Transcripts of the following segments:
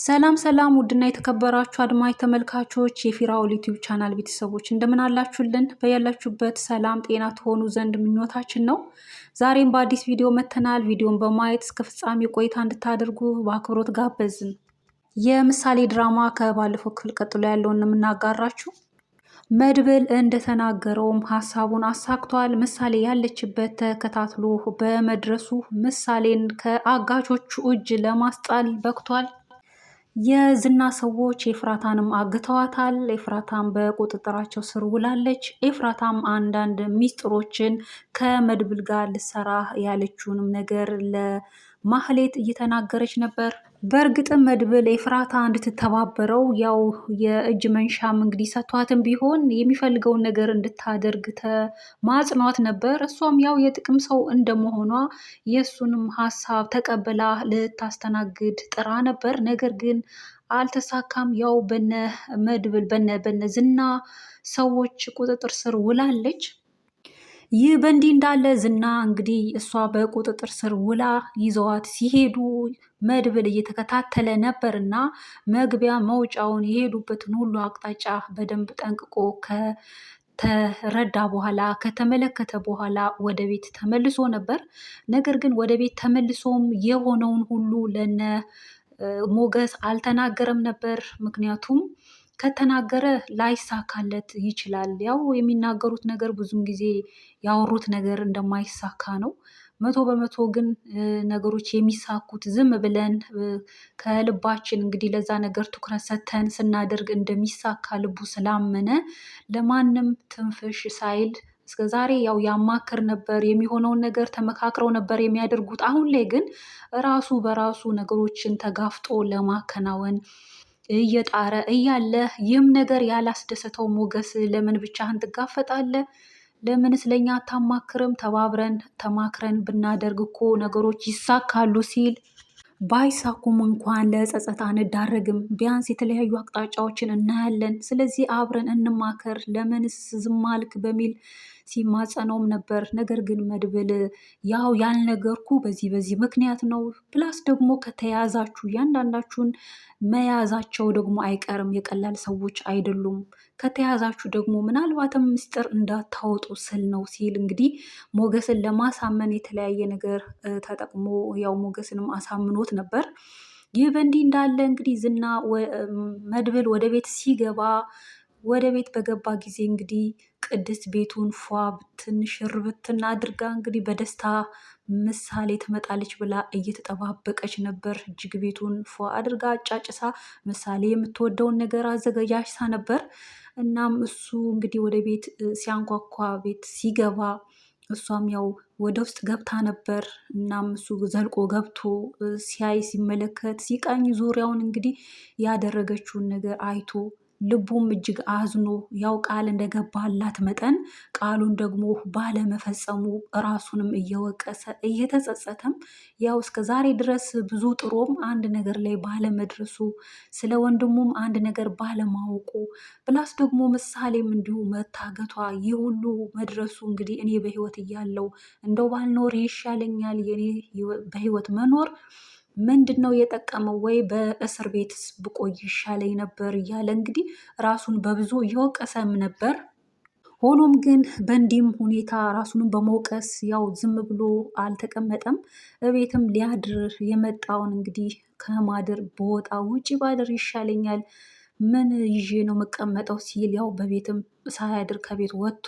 ሰላም ሰላም ውድና የተከበራችሁ አድማጭ ተመልካቾች የፊራኦል ዩቲዩብ ቻናል ቤተሰቦች እንደምን አላችሁልን? በያላችሁበት ሰላም ጤና ትሆኑ ዘንድ ምኞታችን ነው። ዛሬም በአዲስ ቪዲዮ መተናል። ቪዲዮን በማየት እስከ ፍጻሜ ቆይታ እንድታደርጉ በአክብሮት ጋበዝን። የምሳሌ ድራማ ከባለፈው ክፍል ቀጥሎ ያለውን የምናጋራችሁ መድብል እንደተናገረውም ሀሳቡን አሳክቷል። ምሳሌ ያለችበት ተከታትሎ በመድረሱ ምሳሌን ከአጋቾቹ እጅ ለማስጣል በቅቷል። የዝና ሰዎች ኤፍራታንም አግተዋታል። ኤፍራታም በቁጥጥራቸው ስር ውላለች። ኤፍራታም አንዳንድ ሚስጥሮችን ከመድብል ጋር ልሰራ ያለችውንም ነገር ለ ማህሌት እየተናገረች ነበር። በእርግጥም መድብል ኤፍራታ እንድትተባበረው ያው የእጅ መንሻም እንግዲህ ሰጥቷትም ቢሆን የሚፈልገውን ነገር እንድታደርግ ተማጽኗት ነበር። እሷም ያው የጥቅም ሰው እንደመሆኗ የእሱንም ሀሳብ ተቀብላ ልታስተናግድ ጥራ ነበር። ነገር ግን አልተሳካም። ያው በነ መድብል በነ በነ ዝና ሰዎች ቁጥጥር ስር ውላለች። ይህ በእንዲህ እንዳለ ዝና እንግዲህ እሷ በቁጥጥር ስር ውላ ይዘዋት ሲሄዱ መድብል እየተከታተለ ነበር እና መግቢያ መውጫውን የሄዱበትን ሁሉ አቅጣጫ በደንብ ጠንቅቆ ከተረዳ በኋላ ከተመለከተ በኋላ ወደ ቤት ተመልሶ ነበር። ነገር ግን ወደ ቤት ተመልሶም የሆነውን ሁሉ ለነ ሞገስ አልተናገረም ነበር ምክንያቱም ከተናገረ ላይሳካለት ይችላል። ያው የሚናገሩት ነገር ብዙም ጊዜ ያወሩት ነገር እንደማይሳካ ነው። መቶ በመቶ ግን ነገሮች የሚሳኩት ዝም ብለን ከልባችን እንግዲህ ለዛ ነገር ትኩረት ሰተን ስናደርግ እንደሚሳካ ልቡ ስላመነ ለማንም ትንፍሽ ሳይል እስከ ዛሬ ያው ያማክር ነበር። የሚሆነውን ነገር ተመካክረው ነበር የሚያደርጉት። አሁን ላይ ግን ራሱ በራሱ ነገሮችን ተጋፍጦ ለማከናወን እየጣረ እያለ ይህም ነገር ያላስደሰተው ሞገስ ለምን ብቻህን ትጋፈጣለህ? ለምንስ ለእኛ አታማክርም? ተባብረን ተማክረን ብናደርግ እኮ ነገሮች ይሳካሉ ሲል ባይሳኩም እንኳን ለጸጸት አንዳረግም፣ ቢያንስ የተለያዩ አቅጣጫዎችን እናያለን። ስለዚህ አብረን እንማከር፣ ለምንስ ዝም አልክ? በሚል ሲማጸነውም ነበር። ነገር ግን መድብል ያው ያልነገርኩ በዚህ በዚህ ምክንያት ነው ፕላስ ደግሞ ከተያዛችሁ እያንዳንዳችሁን መያዛቸው ደግሞ አይቀርም የቀላል ሰዎች አይደሉም። ከተያዛችሁ ደግሞ ምናልባትም ምስጢር እንዳታወጡ ስል ነው ሲል እንግዲህ ሞገስን ለማሳመን የተለያየ ነገር ተጠቅሞ ያው ሞገስንም አሳምኖት ነበር። ይህ በእንዲህ እንዳለ እንግዲህ ዝና መድብል ወደ ቤት ሲገባ ወደ ቤት በገባ ጊዜ እንግዲህ ቅድስት ቤቱን ፏ ብትን ሽር ብትን አድርጋ እንግዲህ በደስታ ምሳሌ ትመጣለች ብላ እየተጠባበቀች ነበር። እጅግ ቤቱን ፏ አድርጋ አጫጭሳ ምሳሌ የምትወደውን ነገር አዘገጃጅታ ነበር። እናም እሱ እንግዲህ ወደ ቤት ሲያንኳኳ ቤት ሲገባ እሷም ያው ወደ ውስጥ ገብታ ነበር። እናም እሱ ዘልቆ ገብቶ ሲያይ ሲመለከት ሲቃኝ ዙሪያውን እንግዲህ ያደረገችውን ነገር አይቶ ልቡም እጅግ አዝኖ ያው ቃል እንደገባላት መጠን ቃሉን ደግሞ ባለመፈጸሙ ራሱንም እየወቀሰ እየተጸጸተም ያው እስከ ዛሬ ድረስ ብዙ ጥሮም አንድ ነገር ላይ ባለመድረሱ ስለ ወንድሙም አንድ ነገር ባለማወቁ ብላስ ደግሞ ምሳሌም እንዲሁ መታገቷ ይህ ሁሉ መድረሱ እንግዲህ እኔ በህይወት እያለው እንደው ባልኖር ይሻለኛል የኔ በህይወት መኖር ምንድን ነው የጠቀመው ወይ በእስር ቤትስ ብቆይ ይሻለኝ ነበር እያለ እንግዲህ ራሱን በብዙ እየወቀሰም ነበር። ሆኖም ግን በእንዲህም ሁኔታ ራሱንም በመውቀስ ያው ዝም ብሎ አልተቀመጠም። እቤትም ሊያድር የመጣውን እንግዲህ ከማድር በወጣ ውጪ ባድር ይሻለኛል ምን ይዤ ነው የምቀመጠው ሲል ያው በቤትም ሳያድር ከቤት ወጥቶ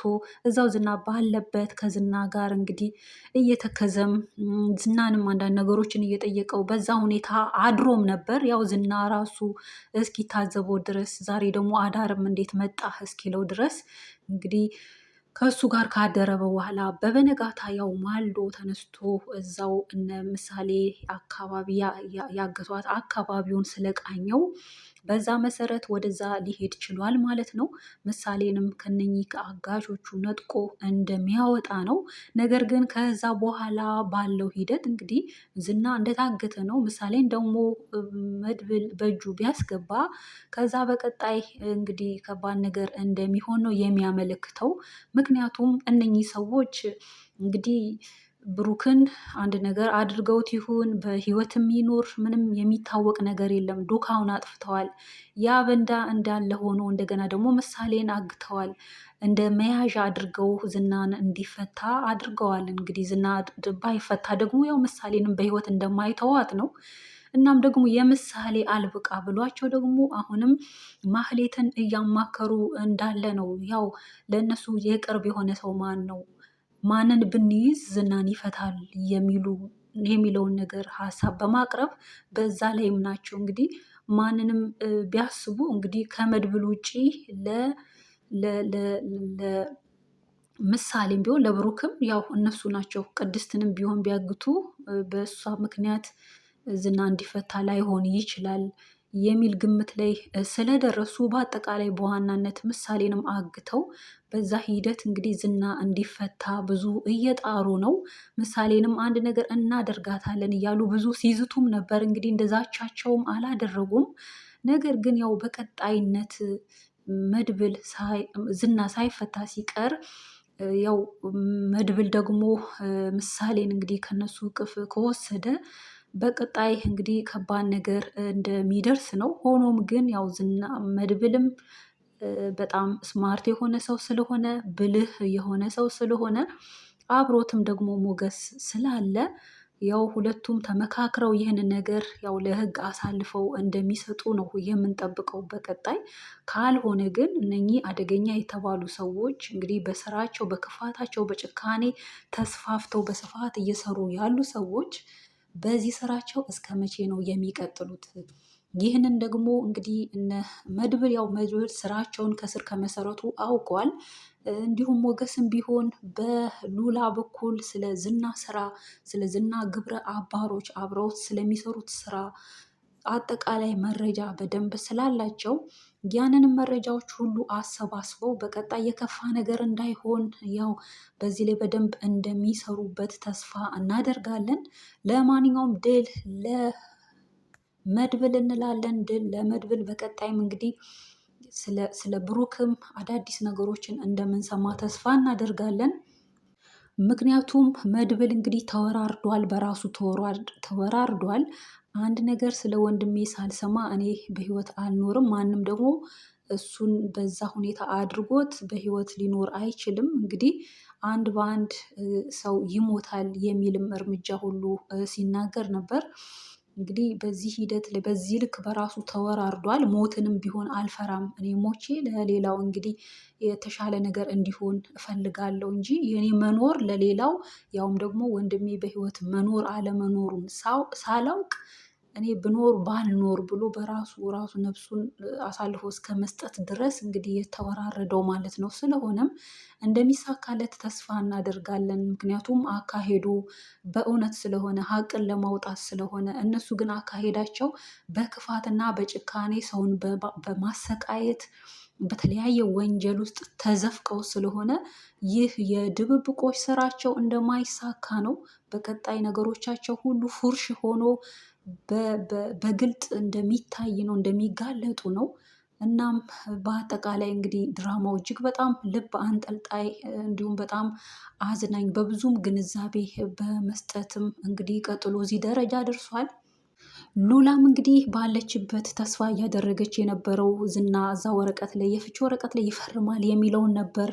እዛው ዝና ባለበት ከዝና ጋር እንግዲህ እየተከዘም ዝናንም አንዳንድ ነገሮችን እየጠየቀው በዛ ሁኔታ አድሮም ነበር። ያው ዝና ራሱ እስኪታዘበው ድረስ ዛሬ ደግሞ አዳርም እንዴት መጣህ እስኪለው ድረስ እንግዲህ ከእሱ ጋር ካደረ በኋላ በበነጋታ ያው ማልዶ ተነስቶ እዛው እነ ምሳሌ አካባቢ ያገቷት አካባቢውን ስለቃኘው በዛ መሰረት ወደዛ ሊሄድ ችሏል ማለት ነው። ምሳሌንም ከነኚህ ከአጋቾቹ ነጥቆ እንደሚያወጣ ነው። ነገር ግን ከዛ በኋላ ባለው ሂደት እንግዲህ ዝና እንደታገተ ነው። ምሳሌን ደግሞ መድብል በእጁ ቢያስገባ ከዛ በቀጣይ እንግዲህ ከባድ ነገር እንደሚሆን ነው የሚያመለክተው። ምክንያቱም እነኚህ ሰዎች እንግዲህ ብሩክን አንድ ነገር አድርገውት ይሁን በህይወት የሚኖር ምንም የሚታወቅ ነገር የለም። ዶካውን አጥፍተዋል። ያ በንዳ እንዳለ ሆኖ እንደገና ደግሞ ምሳሌን አግተዋል። እንደ መያዣ አድርገው ዝናን እንዲፈታ አድርገዋል። እንግዲህ ዝና ባይፈታ ደግሞ ያው ምሳሌንም በህይወት እንደማይተዋት ነው። እናም ደግሞ የምሳሌ አልብቃ ብሏቸው ደግሞ አሁንም ማህሌትን እያማከሩ እንዳለ ነው። ያው ለእነሱ የቅርብ የሆነ ሰው ማን ነው ማንን ብንይዝ ዝናን ይፈታል የሚሉ የሚለውን ነገር ሀሳብ በማቅረብ በዛ ላይም ናቸው እንግዲህ ማንንም ቢያስቡ እንግዲህ ከመድብል ውጪ ለምሳሌም ቢሆን ለብሩክም ያው እነሱ ናቸው። ቅድስትንም ቢሆን ቢያግቱ በእሷ ምክንያት ዝና እንዲፈታ ላይሆን ይችላል የሚል ግምት ላይ ስለደረሱ በአጠቃላይ በዋናነት ምሳሌንም አግተው በዛ ሂደት እንግዲህ ዝና እንዲፈታ ብዙ እየጣሩ ነው። ምሳሌንም አንድ ነገር እናደርጋታለን እያሉ ብዙ ሲዝቱም ነበር። እንግዲህ እንደዛቻቸውም አላደረጉም። ነገር ግን ያው በቀጣይነት መድብል ዝና ሳይፈታ ሲቀር ያው መድብል ደግሞ ምሳሌን እንግዲህ ከነሱ እቅፍ ከወሰደ በቀጣይ እንግዲህ ከባድ ነገር እንደሚደርስ ነው። ሆኖም ግን ያው ዝና መድብልም በጣም ስማርት የሆነ ሰው ስለሆነ ብልህ የሆነ ሰው ስለሆነ አብሮትም ደግሞ ሞገስ ስላለ ያው ሁለቱም ተመካክረው ይህን ነገር ያው ለህግ አሳልፈው እንደሚሰጡ ነው የምንጠብቀው በቀጣይ። ካልሆነ ግን እነኚህ አደገኛ የተባሉ ሰዎች እንግዲህ በስራቸው፣ በክፋታቸው፣ በጭካኔ ተስፋፍተው በስፋት እየሰሩ ያሉ ሰዎች በዚህ ስራቸው እስከ መቼ ነው የሚቀጥሉት? ይህንን ደግሞ እንግዲህ እነ መድብል ያው መድብል ስራቸውን ከስር ከመሰረቱ አውቋል። እንዲሁም ሞገስም ቢሆን በሉላ በኩል ስለ ዝና ስራ ስለ ዝና ግብረ አባሮች አብረውት ስለሚሰሩት ስራ አጠቃላይ መረጃ በደንብ ስላላቸው ያንንም መረጃዎች ሁሉ አሰባስበው በቀጣይ የከፋ ነገር እንዳይሆን ያው በዚህ ላይ በደንብ እንደሚሰሩበት ተስፋ እናደርጋለን። ለማንኛውም ድል ለመድብል እንላለን። ድል ለመድብል። በቀጣይም እንግዲህ ስለ ብሩክም አዳዲስ ነገሮችን እንደምንሰማ ተስፋ እናደርጋለን። ምክንያቱም መድብል እንግዲህ ተወራርዷል፣ በራሱ ተወራርዷል። አንድ ነገር ስለ ወንድሜ ሳልሰማ እኔ በህይወት አልኖርም። ማንም ደግሞ እሱን በዛ ሁኔታ አድርጎት በህይወት ሊኖር አይችልም። እንግዲህ አንድ በአንድ ሰው ይሞታል የሚልም እርምጃ ሁሉ ሲናገር ነበር። እንግዲህ በዚህ ሂደት ላይ በዚህ ልክ በራሱ ተወራርዷል። ሞትንም ቢሆን አልፈራም እኔ ሞቼ ለሌላው እንግዲህ የተሻለ ነገር እንዲሆን እፈልጋለሁ እንጂ የኔ መኖር ለሌላው ያውም ደግሞ ወንድሜ በህይወት መኖር አለመኖሩን ሳላውቅ እኔ ብኖር ባልኖር ብሎ በራሱ ራሱ ነፍሱን አሳልፎ እስከ መስጠት ድረስ እንግዲህ የተወራረደው ማለት ነው። ስለሆነም እንደሚሳካለት ተስፋ እናደርጋለን። ምክንያቱም አካሄዱ በእውነት ስለሆነ ሀቅን ለማውጣት ስለሆነ፣ እነሱ ግን አካሄዳቸው በክፋትና በጭካኔ ሰውን በማሰቃየት በተለያየ ወንጀል ውስጥ ተዘፍቀው ስለሆነ ይህ የድብብቆች ስራቸው እንደማይሳካ ነው። በቀጣይ ነገሮቻቸው ሁሉ ፉርሽ ሆኖ በግልጥ እንደሚታይ ነው እንደሚጋለጡ ነው። እናም በአጠቃላይ እንግዲህ ድራማው እጅግ በጣም ልብ አንጠልጣይ እንዲሁም በጣም አዝናኝ በብዙም ግንዛቤ በመስጠትም እንግዲህ ቀጥሎ እዚህ ደረጃ ደርሷል። ሉላም እንግዲህ ባለችበት ተስፋ እያደረገች የነበረው ዝና እዛ ወረቀት ላይ የፍቺ ወረቀት ላይ ይፈርማል የሚለውን ነበር።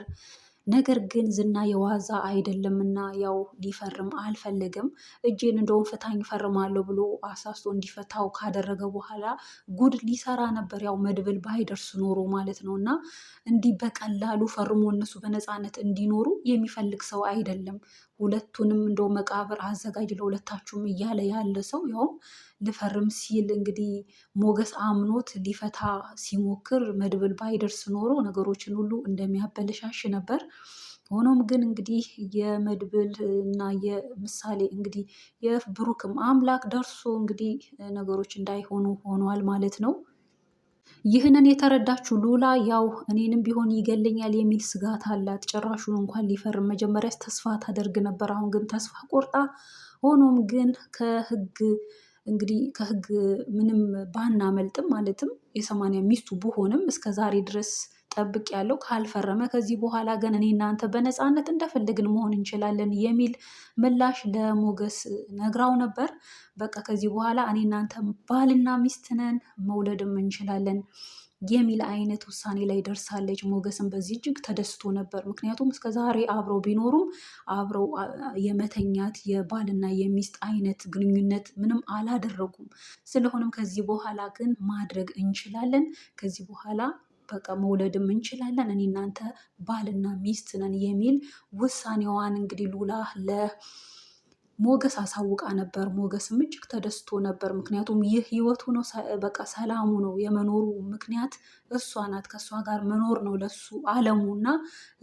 ነገር ግን ዝና የዋዛ አይደለምና ያው ሊፈርም አልፈለገም። እጄን እንደውም ፍታኝ ፈርማለሁ ብሎ አሳስቶ እንዲፈታው ካደረገ በኋላ ጉድ ሊሰራ ነበር። ያው መድብል ባይደርስ ኖሮ ማለት ነው። እና እንዲህ በቀላሉ ፈርሞ እነሱ በነፃነት እንዲኖሩ የሚፈልግ ሰው አይደለም። ሁለቱንም እንደው መቃብር አዘጋጅ ለሁለታችሁም እያለ ያለ ሰው ይኸውም ልፈርም ሲል እንግዲህ ሞገስ አምኖት ሊፈታ ሲሞክር መድብል ባይደርስ ኖሮ ነገሮችን ሁሉ እንደሚያበለሻሽ ነበር። ሆኖም ግን እንግዲህ የመድብል እና የምሳሌ እንግዲህ የብሩክም አምላክ ደርሶ እንግዲህ ነገሮች እንዳይሆኑ ሆኗል ማለት ነው። ይህንን የተረዳችው ሉላ ያው እኔንም ቢሆን ይገለኛል የሚል ስጋት አላት። ጭራሹ እንኳን ሊፈርም መጀመሪያ ተስፋ ታደርግ ነበር። አሁን ግን ተስፋ ቆርጣ፣ ሆኖም ግን ከህግ እንግዲህ ከህግ ምንም ባናመልጥም ማለትም የሰማንያ ሚስቱ ብሆንም እስከ ዛሬ ድረስ ጠብቅ ያለው ካልፈረመ ከዚህ በኋላ ግን እኔ እናንተ በነፃነት እንደፈለግን መሆን እንችላለን የሚል ምላሽ ለሞገስ ነግራው ነበር። በቃ ከዚህ በኋላ እኔ እናንተ ባልና ሚስት ነን መውለድም እንችላለን የሚል አይነት ውሳኔ ላይ ደርሳለች። ሞገስን በዚህ እጅግ ተደስቶ ነበር። ምክንያቱም እስከ ዛሬ አብረው ቢኖሩም አብረው የመተኛት የባልና የሚስት አይነት ግንኙነት ምንም አላደረጉም። ስለሆነም ከዚህ በኋላ ግን ማድረግ እንችላለን ከዚህ በኋላ በቃ መውለድም እንችላለን፣ እኔ እናንተ ባልና ሚስት ነን የሚል ውሳኔዋን እንግዲህ ሉላ ለ ሞገስ አሳውቃ ነበር። ሞገስም እጅግ ተደስቶ ነበር። ምክንያቱም ይህ ህይወቱ ነው፣ በቃ ሰላሙ ነው። የመኖሩ ምክንያት እሷ ናት። ከእሷ ጋር መኖር ነው ለሱ አለሙ እና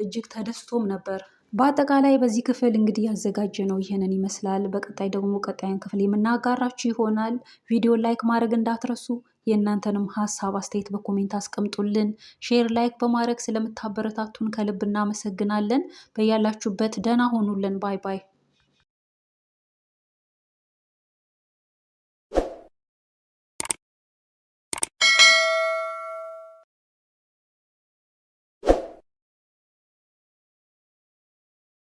እጅግ ተደስቶም ነበር። በአጠቃላይ በዚህ ክፍል እንግዲህ ያዘጋጀ ነው ይህንን ይመስላል። በቀጣይ ደግሞ ቀጣይን ክፍል የምናጋራችሁ ይሆናል። ቪዲዮ ላይክ ማድረግ እንዳትረሱ። የእናንተንም ሀሳብ አስተያየት በኮሜንት አስቀምጡልን። ሼር፣ ላይክ በማድረግ ስለምታበረታቱን ከልብ እናመሰግናለን። በያላችሁበት ደህና ሆኑልን። ባይ ባይ።